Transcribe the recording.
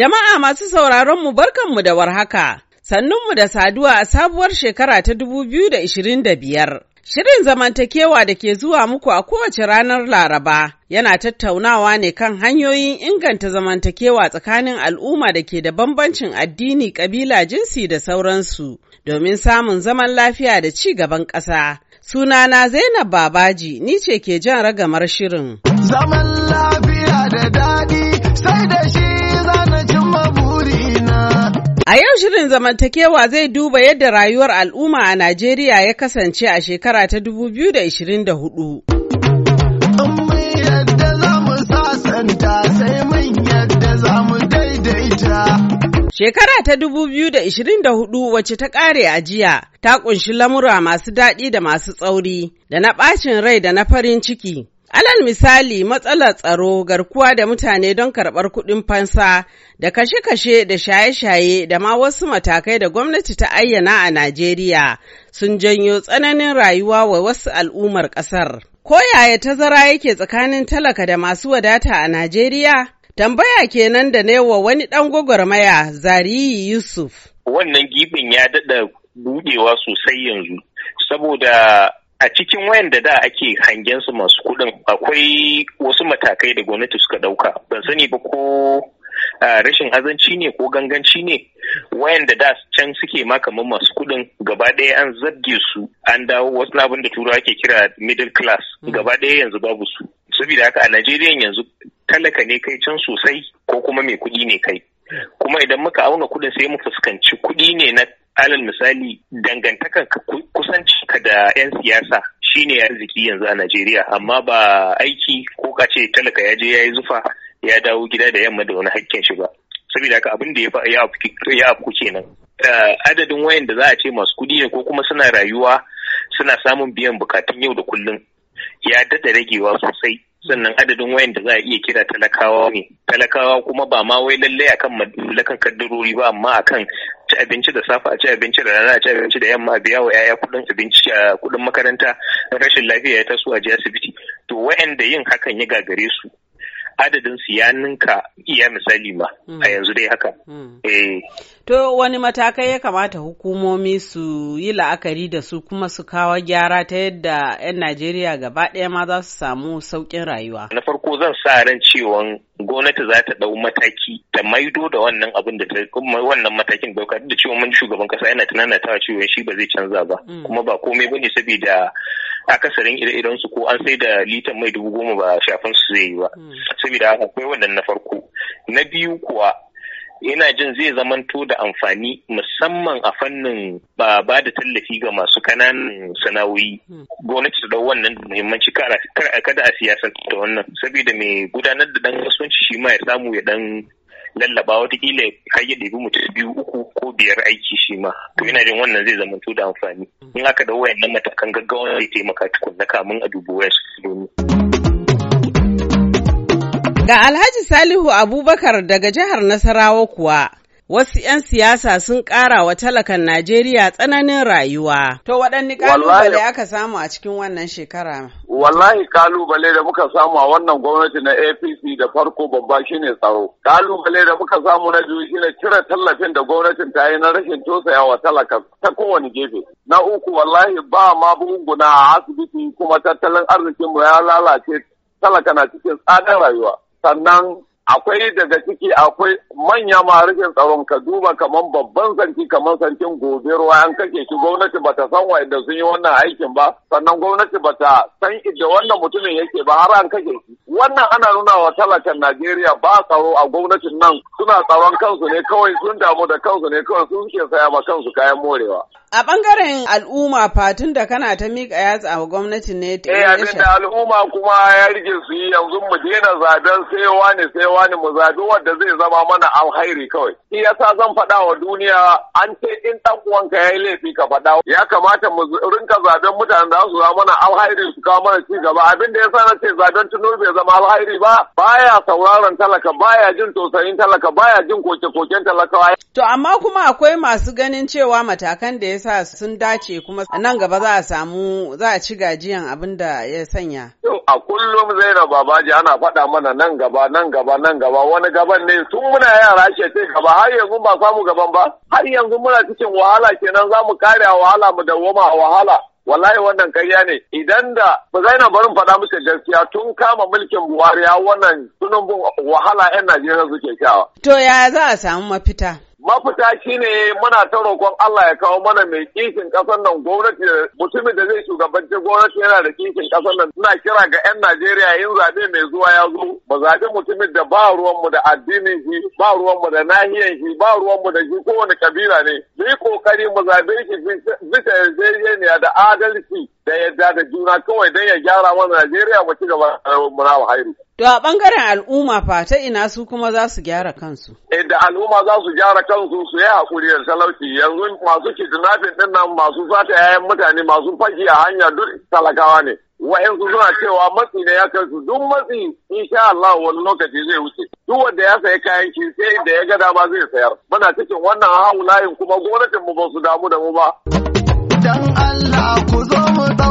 Jama'a masu sauraron mu barkanmu da warhaka, sannunmu da saduwa a sabuwar shekara ta dubu biyu da da biyar. Shirin zamantakewa da ke zuwa muku a kowace ranar Laraba yana tattaunawa ne kan hanyoyin inganta zamantakewa tsakanin al'umma da ke da bambancin addini, ƙabila, jinsi da sauransu domin samun zaman lafiya da ci gaban ƙasa. Sunana Zainab Babaji ni ce ke jan ragamar shirin. Zaman lafiya da daɗi sai da shi A yau shirin zamantakewa zai duba yadda rayuwar al'umma a Najeriya ya kasance a shekara ta 2024. Shekara ta 2024 wacce ta ƙare a jiya ta ƙunshi lamura masu daɗi da masu tsauri da na ɓacin rai da na farin ciki Alal misali matsalar tsaro garkuwa da mutane don karɓar kuɗin fansa da kashe-kashe da shaye-shaye da ma wasu matakai da gwamnati ta ayyana a Najeriya sun janyo tsananin rayuwa wa wasu al'ummar ƙasar. Ko yaya tazara yake tsakanin talaka da masu wadata a Najeriya? Tambaya kenan da ne wa wani ɗan gwagwarmaya Zariyi Yusuf. Wannan gibin ya daɗa buɗewa sosai yanzu saboda a cikin wayanda da ake hangen su masu kuɗin akwai wasu matakai da gwamnati suka ɗauka ban sani ba ko rashin azanci ne ko ganganci ne wayanda da can suke ma kamar masu kuɗin gaba ɗaya an zabge su an dawo wasu abin da turawa ke kira middle class mm. gaba ɗaya yanzu babu su saboda haka a najeriya yanzu talaka ne kai can sosai ko kuma mai kuɗi ne kai mm. kuma idan muka auna kuɗin sai mu fuskanci kuɗi ne na alal misali dangantakan kusanci ka da 'yan siyasa shine arziki yanzu a Najeriya amma ba aiki ko kace talaka ya je ya yi zufa ya dawo gida da yamma da wani hakkin shi ba saboda haka abin da ya afku kenan eh, adadin wayan da za a ce masu kudi ne ko kuma suna rayuwa suna samun biyan bukatun yau da kullum ya dada ragewa sosai sannan adadin wayan da za a iya kira talakawa ne talakawa kuma ba ma wai lallai akan madulakan kaddarori ba amma akan ci abinci da safa, a ci abinci da rana a ci abinci da yamma a biya wa yaya kudin abinci a kudin makaranta rashin lafiya ya taso a ji asibiti to wayanda yin hakan ya gagare su adadin su ya ninka makiya misali ba a hmm. yanzu dai haka. Hmm. Eh. To wani matakai ya kamata hukumomi su yi la'akari da su kuma su kawo gyara ta yadda 'yan Najeriya gaba ɗaya ma za su samu sauƙin rayuwa. Na farko zan sa ran cewa gwamnati za ta ɗau mataki ta maido da wannan abin da ta wannan matakin ɗauka da cewa mun shugaban kasa yana tunanatawa cewa shi ba zai canza ba hmm. kuma ba komai bane saboda akasarin ire-iren su ko an sai da litan mai dubu goma ba shafan su zai yi ba hmm. saboda haka akwai wannan na farko na biyu kuwa yana jin zai zamanto da amfani musamman a fannin ba ba da tallafi ga masu kananan sana'o'i hmm. gwamnati da wannan muhimmanci kada a siyasa ta wannan saboda mai gudanar da dan kasuwanci shi ma ya samu ya dan lallaba watakila har ya ɗebi mutum biyu uku ko biyar aiki shi ma to ina jin wannan zai zama da amfani in aka da wayannan matakan gaggawa zai taimaka na kamun a dubu wayar su Ga Alhaji Salihu Abubakar daga jihar Nasarawa kuwa Wasu 'yan siyasa sun ƙara wa talakan Najeriya tsananin rayuwa. To waɗanne kalubale aka samu a cikin wannan shekara? Wallahi kalubale da muka samu a wannan gwamnati na APC da farko babba shine tsaro. kalubale da muka samu na biyu ne cire tallafin da gwamnatin ta yi na rashin tosaya wa talakan ta kowane gefe. Na uku wallahi ba ma bunguna a asibiti kuma tattalin arzikinmu ya lalace talaka na cikin tsadar rayuwa. Sannan akwai daga ciki akwai manya marufin tsaron ka duba kamar babban sarki kamar sarkin gobe ruwa an kake shi gwamnati bata san idan sun yi wannan aikin ba sannan gwamnati bata san inda wannan mutumin yake ba har an kake shi wannan ana nuna wa talakan Najeriya ba tsaro a gwamnatin nan suna tsaron kansu ne kawai sun damu da kansu ne kawai sun ke saya ma kansu kayan morewa a bangaren al'umma fatun da kana ta mika yatsa a gwamnati ne ta eh abinda al'umma kuma ya rige su yi yanzu mu daina zaben sai ne sai cewa ne mu wanda zai zama mana alhairi kawai shi yasa zan faɗa wa duniya an ce in ɗan uwanka yi laifi ka faɗa ya kamata mu rinka zaben mutanen da su zama mana alhairi su kawo mana ci gaba abin da yasa na ce zaben tunur bai zama alhairi ba baya sauraron talaka baya jin tausayin talaka baya jin koke-koken talakawa to amma kuma akwai masu ganin cewa matakan da ya sa sun dace kuma nan gaba za a samu za a ci gajiyan abin da ya sanya a kullum zainab babaji ana faɗa mana nan gaba nan gaba nan gaba wani gaban ne tun muna yara ce ce gaba har yanzu ba samu gaban ba har yanzu muna cikin wahala kenan za mu kare a wahala mu dawwama a wahala wallahi wannan karya ne idan da ba zai na barin faɗa musu gaskiya tun kama mulkin buhari ya wannan bin wahala 'yan najeriya suke kyawa. to ya za a samu mafita. mafita shi ne muna ta roƙon Allah ya kawo mana mai kishin ƙasar nan gwamnati mutumin da zai shugabanci gwamnati yana da kishin ƙasar nan suna kira ga 'yan Najeriya yin zaɓe mai zuwa ya zo ba zaɓi mutumin da ba ruwanmu da addinin shi ba ruwanmu da nahiyan shi ba ruwanmu da shi kowane kabila ne mu yi ƙoƙari mu zaɓe shi bisa yarjejeniya da adalci da yadda da juna kawai don ya gyara mana Najeriya mu ci gaba mu na hairu. To a ɓangaren al'umma fa ta ina su kuma za su gyara kansu. Inda eh, al'umma za su gyara kansu su yi hakuri da talauci yanzu masu kidnapping ɗin nan masu sata yayan mutane masu faki a hanya duk talakawa ne. wa'yansu suna cewa matsi ne ya kai su duk matsi sha Allah wani lokaci zai wuce duk wanda ya sayi kayan ki sai inda ya ga dama zai sayar muna cikin wannan layin kuma gwamnatin mu ba su damu da mu ba dan Allah ku zo mu